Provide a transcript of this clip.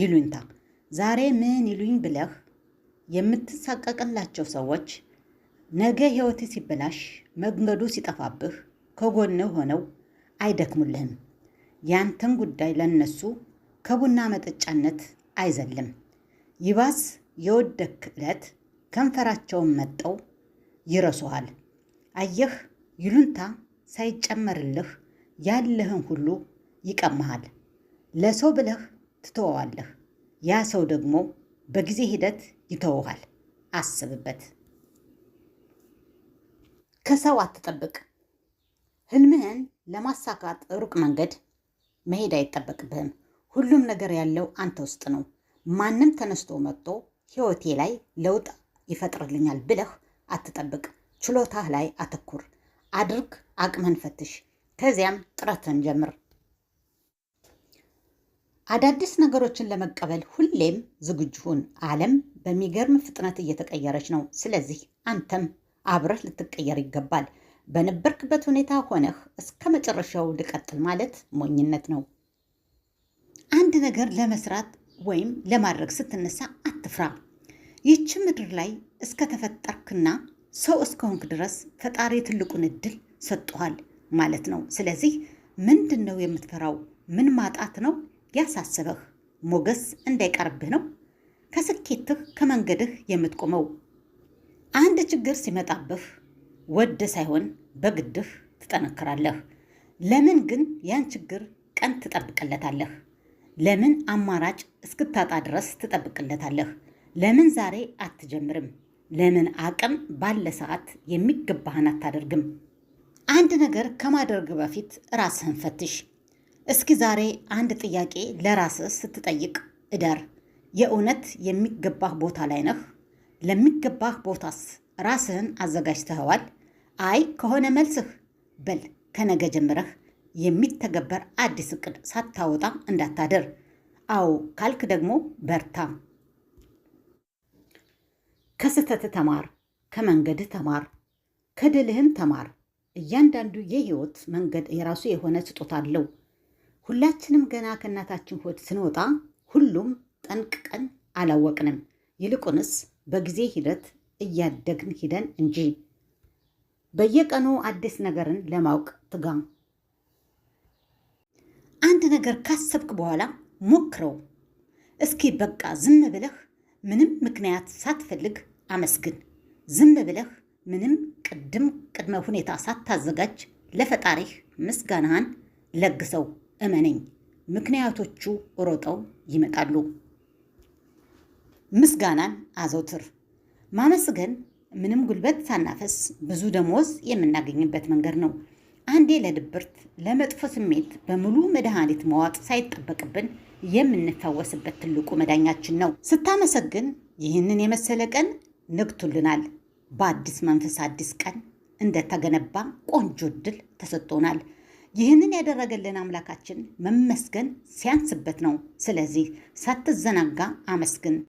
ይሉኝታ ዛሬ ምን ይሉኝ ብለህ የምትሳቀቅላቸው ሰዎች ነገ ሕይወት ሲበላሽ መንገዱ ሲጠፋብህ ከጎንህ ሆነው አይደክሙልህም። ያንተን ጉዳይ ለነሱ ከቡና መጠጫነት አይዘልም። ይባስ የወደክ ዕለት ከንፈራቸውን መጠው ይረሱሃል። አየህ ይሉንታ ሳይጨመርልህ ያለህን ሁሉ ይቀምሃል። ለሰው ብለህ ትተወዋለህ። ያ ሰው ደግሞ በጊዜ ሂደት ይተውሃል። አስብበት። ከሰው አትጠብቅ። ህልምህን ለማሳካት ሩቅ መንገድ መሄድ አይጠበቅብህም። ሁሉም ነገር ያለው አንተ ውስጥ ነው። ማንም ተነስቶ መጥቶ ህይወቴ ላይ ለውጥ ይፈጥርልኛል ብለህ አትጠብቅ። ችሎታህ ላይ አተኩር አድርግ። አቅምህን ፈትሽ። ከዚያም ጥረትን ጀምር። አዳዲስ ነገሮችን ለመቀበል ሁሌም ዝግጁ ሁን። ዓለም በሚገርም ፍጥነት እየተቀየረች ነው። ስለዚህ አንተም አብረህ ልትቀየር ይገባል። በነበርክበት ሁኔታ ሆነህ እስከ መጨረሻው ልቀጥል ማለት ሞኝነት ነው። አንድ ነገር ለመስራት ወይም ለማድረግ ስትነሳ አትፍራ። ይህች ምድር ላይ እስከተፈጠርክና ሰው እስከሆንክ ድረስ ፈጣሪ ትልቁን እድል ሰጥቷል ማለት ነው። ስለዚህ ምንድን ነው የምትፈራው? ምን ማጣት ነው ያሳስበህ ሞገስ እንዳይቀርብህ ነው ከስኬትህ ከመንገድህ የምትቆመው። አንድ ችግር ሲመጣብህ ወደ ሳይሆን በግድህ ትጠነክራለህ። ለምን ግን ያን ችግር ቀን ትጠብቅለታለህ? ለምን አማራጭ እስክታጣ ድረስ ትጠብቅለታለህ? ለምን ዛሬ አትጀምርም? ለምን አቅም ባለ ሰዓት የሚገባህን አታደርግም? አንድ ነገር ከማድረግ በፊት ራስህን ፈትሽ። እስኪ ዛሬ አንድ ጥያቄ ለራስህ ስትጠይቅ እደር። የእውነት የሚገባህ ቦታ ላይ ነህ? ለሚገባህ ቦታስ ራስህን አዘጋጅተኸዋል? አይ ከሆነ መልስህ በል ከነገ ጀምረህ የሚተገበር አዲስ እቅድ ሳታወጣ እንዳታደር። አዎ ካልክ ደግሞ በርታ። ከስህተት ተማር፣ ከመንገድህ ተማር፣ ከድልህም ተማር። እያንዳንዱ የህይወት መንገድ የራሱ የሆነ ስጦታ አለው። ሁላችንም ገና ከእናታችን ሆድ ስንወጣ ሁሉም ጠንቅቀን አላወቅንም። ይልቁንስ በጊዜ ሂደት እያደግን ሂደን እንጂ። በየቀኑ አዲስ ነገርን ለማወቅ ትጋ። አንድ ነገር ካሰብክ በኋላ ሞክረው እስኪ። በቃ ዝም ብለህ ምንም ምክንያት ሳትፈልግ አመስግን። ዝም ብለህ ምንም ቅድም ቅድመ ሁኔታ ሳታዘጋጅ ለፈጣሪህ ምስጋናህን ለግሰው። እመነኝ፣ ምክንያቶቹ ሮጠው ይመጣሉ። ምስጋናን አዘውትር። ማመስገን ምንም ጉልበት ሳናፈስ ብዙ ደሞዝ የምናገኝበት መንገድ ነው። አንዴ ለድብርት፣ ለመጥፎ ስሜት በሙሉ መድኃኒት መዋጥ ሳይጠበቅብን የምንፈወስበት ትልቁ መዳኛችን ነው። ስታመሰግን ይህንን የመሰለ ቀን ነግቶልናል፣ በአዲስ መንፈስ አዲስ ቀን እንደተገነባ ቆንጆ እድል ተሰጥቶናል። ይህንን ያደረገልን አምላካችን መመስገን ሲያንስበት ነው። ስለዚህ ሳትዘናጋ አመስግን።